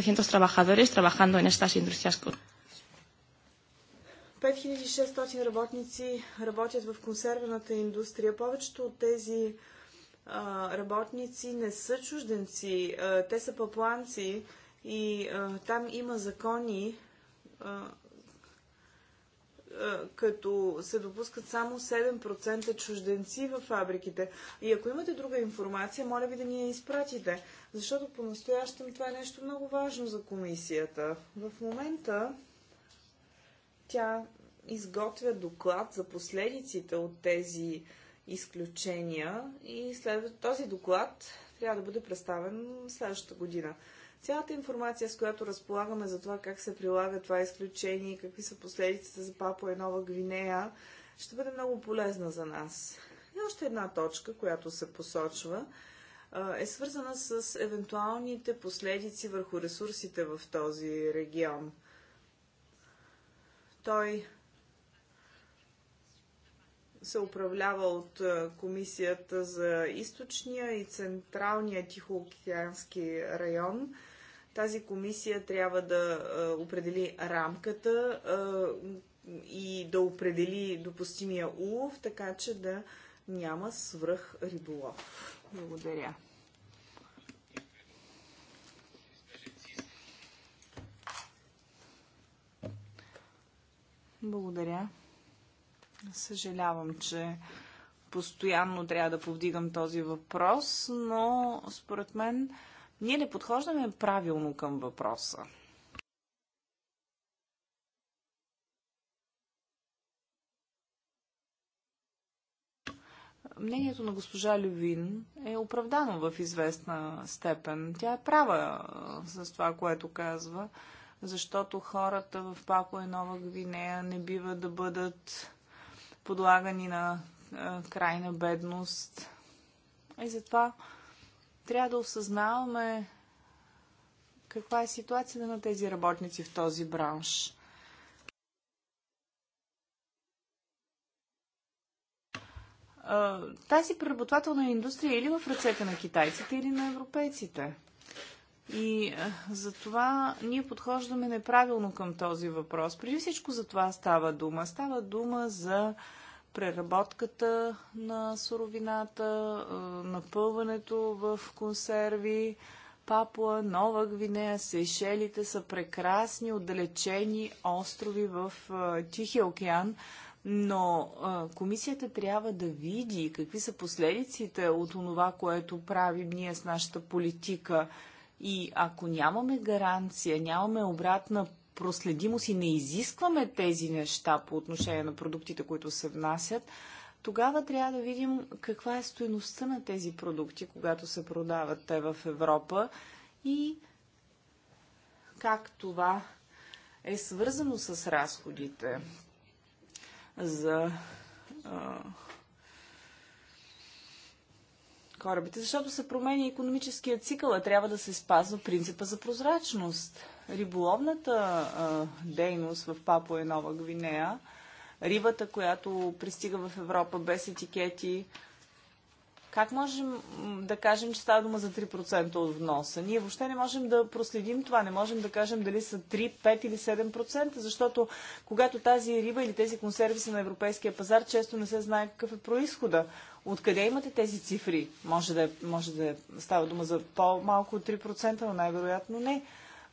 5600 работници работят в консервената индустрия. Повечето от тези а, работници не са чужденци, а, те са папуанци и а, там има закони, като се допускат само 7% чужденци във фабриките. И ако имате друга информация, моля ви да ни я изпратите, защото по-настоящем това е нещо много важно за комисията. В момента тя изготвя доклад за последиците от тези изключения и след този доклад трябва да бъде представен следващата година. Цялата информация, с която разполагаме за това как се прилага това изключение и какви са последиците за Папуа и Нова Гвинея, ще бъде много полезна за нас. И още една точка, която се посочва, е свързана с евентуалните последици върху ресурсите в този регион. Той се управлява от е, Комисията за източния и централния Тихоокеански район. Тази комисия трябва да е, определи рамката е, и да определи допустимия улов, така че да няма свръх риболов. Благодаря. Благодаря. Съжалявам, че постоянно трябва да повдигам този въпрос, но според мен ние не подхождаме правилно към въпроса. мнението на госпожа Лювин е оправдано в известна степен. Тя е права с това, което казва, защото хората в Папуа и Нова Гвинея не бива да бъдат подлагани на крайна бедност. И затова трябва да осъзнаваме каква е ситуацията на тези работници в този бранш. Тази преработвателна индустрия е или в ръцете на китайците, или на европейците. И за това ние подхождаме неправилно към този въпрос. Преди всичко за това става дума. Става дума за преработката на суровината, напълването в консерви, Папуа, Нова Гвинея, Сейшелите са прекрасни, отдалечени острови в Тихия океан, но комисията трябва да види какви са последиците от това, което правим ние с нашата политика. И ако нямаме гаранция, нямаме обратна проследимост и не изискваме тези неща по отношение на продуктите, които се внасят, тогава трябва да видим каква е стоеността на тези продукти, когато се продават те в Европа и как това е свързано с разходите за а, корабите, защото се променя економическия цикъл, а трябва да се спазва принципа за прозрачност. Риболовната а, дейност в Папуа е Нова Гвинея, рибата, която пристига в Европа без етикети, как можем да кажем, че става дума за 3% от вноса? Ние въобще не можем да проследим това, не можем да кажем дали са 3, 5 или 7%, защото когато тази риба или тези консерви са на европейския пазар, често не се знае какъв е происхода. Откъде имате тези цифри? Може да, е, може да е, става дума за по-малко от 3%, но най-вероятно не.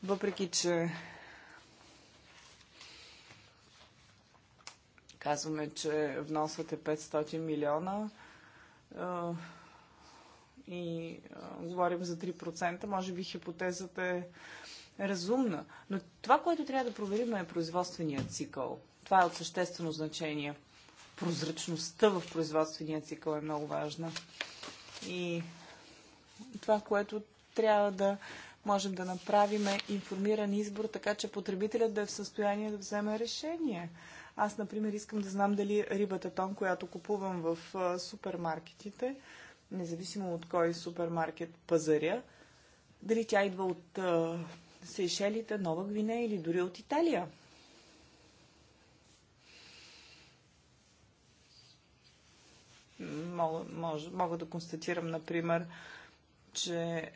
Въпреки, че казваме, че е 500 милиона, и говорим за 3%, може би хипотезата е разумна. Но това, което трябва да проверим е производствения цикъл. Това е от съществено значение. Прозрачността в производствения цикъл е много важна. И това, което трябва да можем да направим е информиран избор, така че потребителят да е в състояние да вземе решение. Аз, например, искам да знам дали рибата тон, която купувам в супермаркетите, независимо от кой супермаркет пазаря, дали тя идва от а, Сейшелите, Нова Гвинея или дори от Италия. Мога, мога да констатирам, например, че е,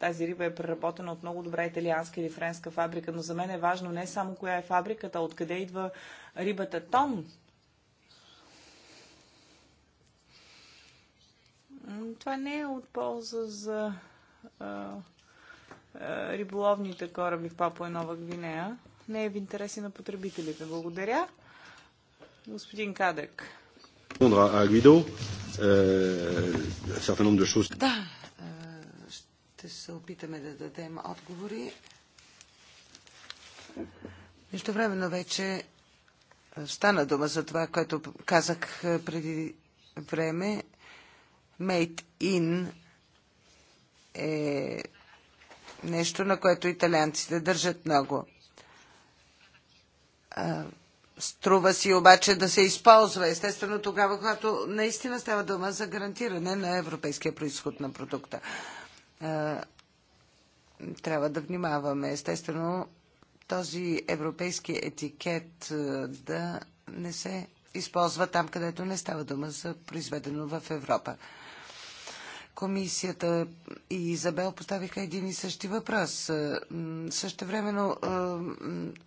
тази риба е преработена от много добра италианска или френска фабрика, но за мен е важно не само коя е фабриката, а откъде идва рибата тон. Това не е от полза за а, е, а, е, риболовните кораби в Папуа Нова Гвинея. Не е в интереси на потребителите. Благодаря. Господин Кадък. Euh, да, ще се опитаме да дадем отговори. времено вече е, стана дума за това, което казах е, преди време. Made in е нещо, на което италианците държат много. Е, струва си обаче да се използва, естествено, тогава, когато наистина става дума за гарантиране на европейския происход на продукта трябва да внимаваме. Естествено, този европейски етикет да не се използва там, където не става дума за произведено в Европа. Комисията и Изабел поставиха един и същи въпрос. Също времено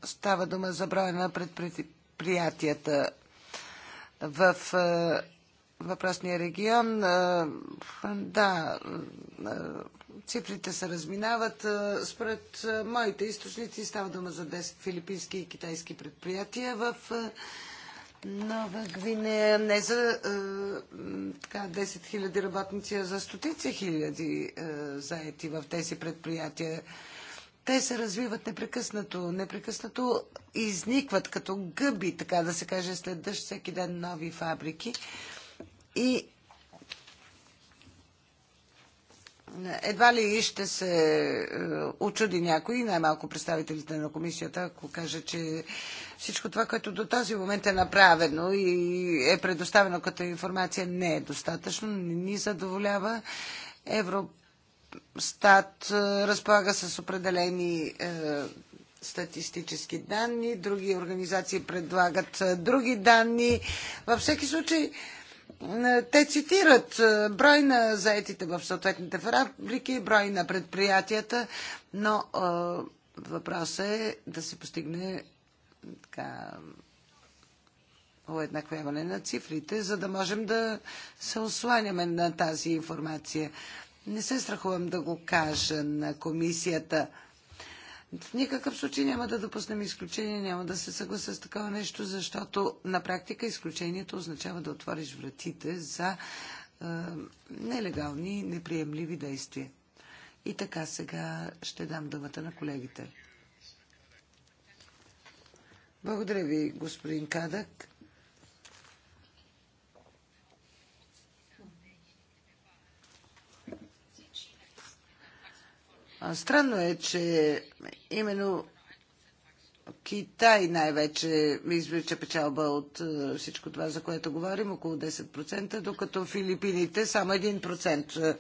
става дума за броя на предприятията в въпросния регион. Да, цифрите се разминават. Е, според е, моите източници става дума за 10 филипински и китайски предприятия в е, Нова Гвинея. Не за така, 10 000 работници, а за стотици хиляди заети в тези предприятия. Те се развиват непрекъснато, непрекъснато изникват като гъби, така да се каже, след дъжд всеки ден нови фабрики. И Едва ли ще се е, очуди някой, най-малко представителите на комисията, ако каже, че всичко това, което до този момент е направено и е предоставено като информация, не е достатъчно, не ни задоволява. Евростат е, разполага с определени е, статистически данни, други организации предлагат други данни. Във всеки случай, е, те цитират е, брой на заетите в съответните фабрики, брой на предприятията, но е, въпросът е да се постигне така, уеднаквяване на цифрите, за да можем да се осланяме на тази информация. Не се страхувам да го кажа на комисията. В никакъв случай няма да допуснем изключение, няма да се съглася с такова нещо, защото на практика изключението означава да отвориш вратите за е, нелегални, неприемливи действия. И така сега ще дам думата на колегите. Благодаря ви, господин Кадък. Странно е, че именно Китай най-вече извлича печалба от всичко това, за което говорим, около 10%, докато Филипините само 1%.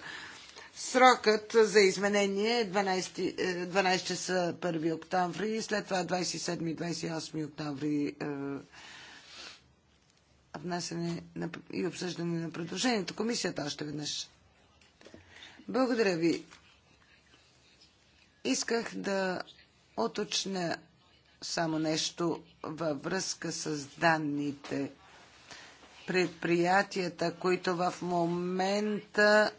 Срокът за изменение е 12, 12 е, часа 1 октомври и след това 27-28 октомври е, внасяне и обсъждане на предложението. Комисията още веднъж. Благодаря ви. Исках да оточня само нещо във връзка с данните. Предприятията, които в момента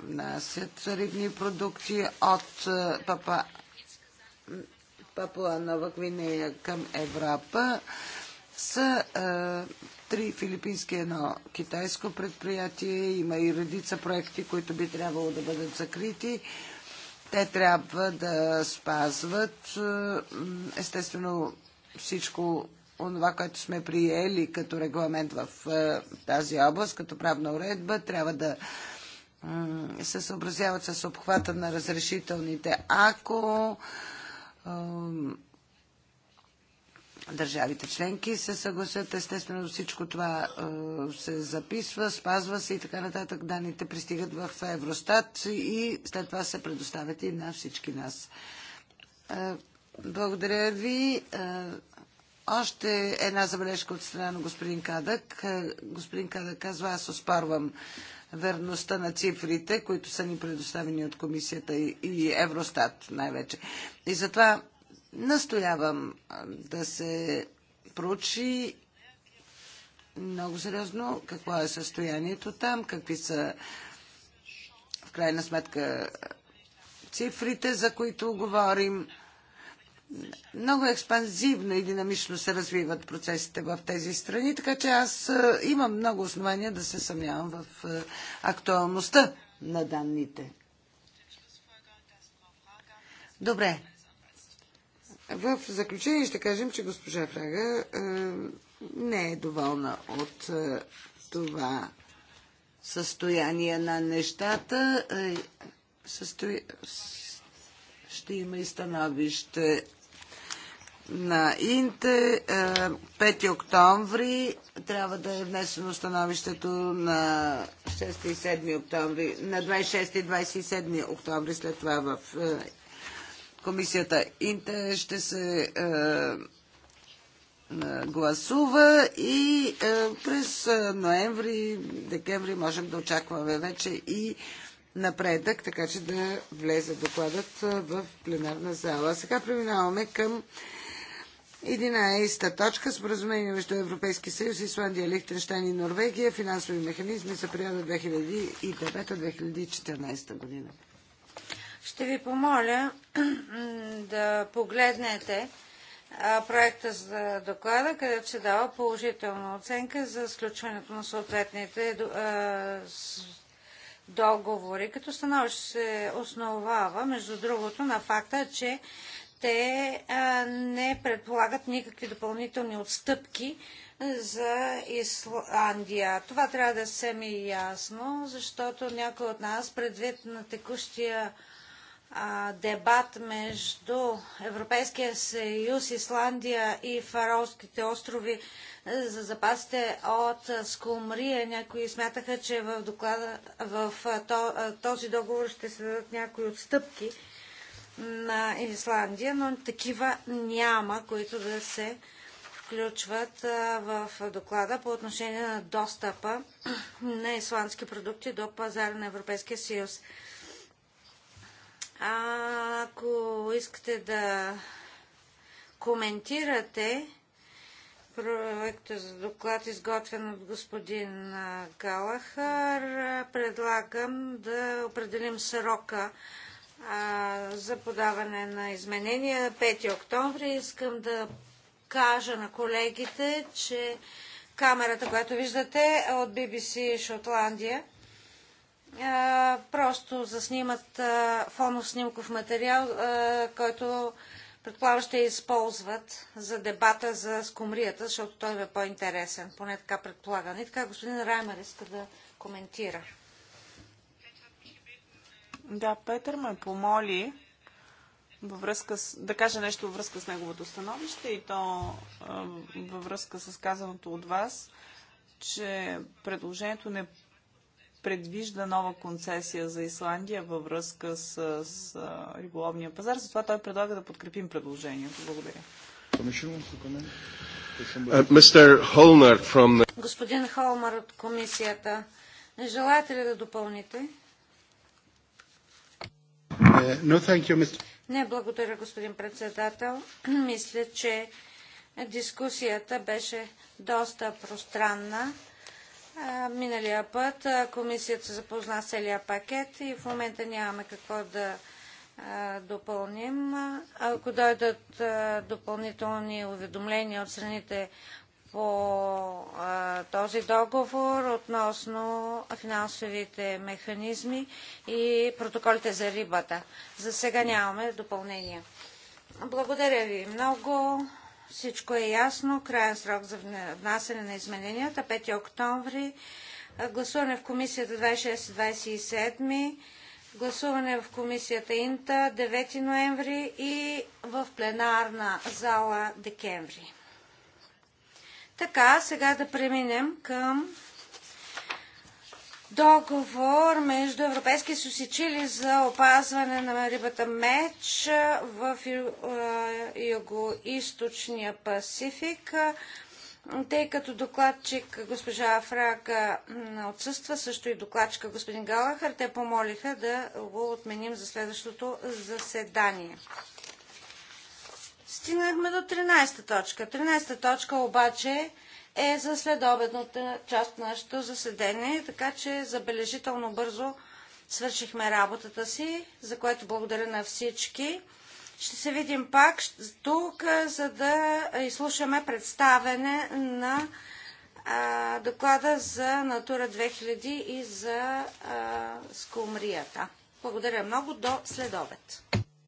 внасят рибни продукти от Папа, Папуа Нова Гвинея към Европа, са три филипински, едно китайско предприятие. Има и редица проекти, които би трябвало да бъдат закрити. Те трябва да спазват е, естествено всичко онова, което сме приели като регламент в е, тази област, като правна уредба. Трябва да се съобразяват с обхвата на разрешителните. Ако държавите членки се съгласят. Естествено всичко това е, се записва, спазва се и така нататък. Даните пристигат в Евростат и след това се предоставят и на всички нас. Е, благодаря ви. Е, още една забележка от страна на господин Кадък. Господин Кадък казва, аз оспарвам верността на цифрите, които са ни предоставени от комисията и Евростат най-вече. И затова Настоявам да се проучи много сериозно какво е състоянието там, какви са в крайна сметка цифрите, за които говорим. Много експанзивно и динамично се развиват процесите в тези страни, така че аз имам много основания да се съмнявам в актуалността на данните. Добре, в заключение ще кажем, че госпожа Фрага е, не е доволна от е, това състояние на нещата. Е, ще има и становище на Инте. 5 октомври трябва да е внесено становището на 6 и 7 октомври, на 26 и 27 октомври след това в комисията Инте ще се е, гласува и е, през е, ноември, декември можем да очакваме вече и напредък, така че да влезе докладът в пленарна зала. Сега преминаваме към 11-та точка споразумение между Европейски съюз, Исландия, Лихтенштайн и Норвегия финансови механизми за периода 2009-2014 година. Ще ви помоля да погледнете проекта за доклада, където се дава положителна оценка за сключването на съответните договори, като становище се основава, между другото, на факта, че те не предполагат никакви допълнителни отстъпки за Исландия. Това трябва да е ми ясно, защото някой от нас, предвид на текущия дебат между Европейския съюз, Исландия и Фаролските острови за запасите от скумрия. Някои смятаха, че в, доклада, в този договор ще се дадат някои отстъпки на Исландия, но такива няма, които да се включват в доклада по отношение на достъпа на исландски продукти до пазара на Европейския съюз. А, ако искате да коментирате проекта за доклад, изготвен от господин Галахър, предлагам да определим срока а, за подаване на изменения 5 октомври. Искам да кажа на колегите, че камерата, която виждате е от BBC Шотландия просто заснимат фонов снимков материал, който предполагам ще използват за дебата за скумрията, защото той е по-интересен, поне така предполагам. И така господин Раймер иска да коментира. Да, Петър ме помоли във връзка с, да кажа нещо във връзка с неговото становище и то във връзка с казаното от вас, че предложението не предвижда нова концесия за Исландия във връзка с, с риболовния пазар. Затова той предлага да подкрепим предложението. Благодаря. Е, господин Холмар от комисията, не желаете ли да допълните? Е, не, благодаря, господин председател. *clears throat* Мисля, че дискусията беше доста пространна Миналия път комисията се запозна с целия пакет и в момента нямаме какво да допълним. Ако дойдат допълнителни уведомления от страните по този договор относно финансовите механизми и протоколите за рибата. За сега нямаме допълнения. Благодаря ви много. Всичко е ясно. Краен срок за внасяне на измененията 5 октомври. Гласуване в комисията 26-27. Гласуване в комисията Инта 9 ноември и в пленарна зала декември. Така, сега да преминем към договор между Европейския съюз и Чили за опазване на рибата меч в е, юго-источния Пасифик. Тъй като докладчик госпожа Афрака отсъства, също и докладчика господин Галахър, те помолиха да го отменим за следващото заседание. Стигнахме до 13-та точка. 13-та точка обаче е е за следобедната част на нашето заседание, така че забележително бързо свършихме работата си, за което благодаря на всички. Ще се видим пак тук, за да изслушаме представене на а, доклада за Натура 2000 и за а, скумрията. Благодаря много. До следобед.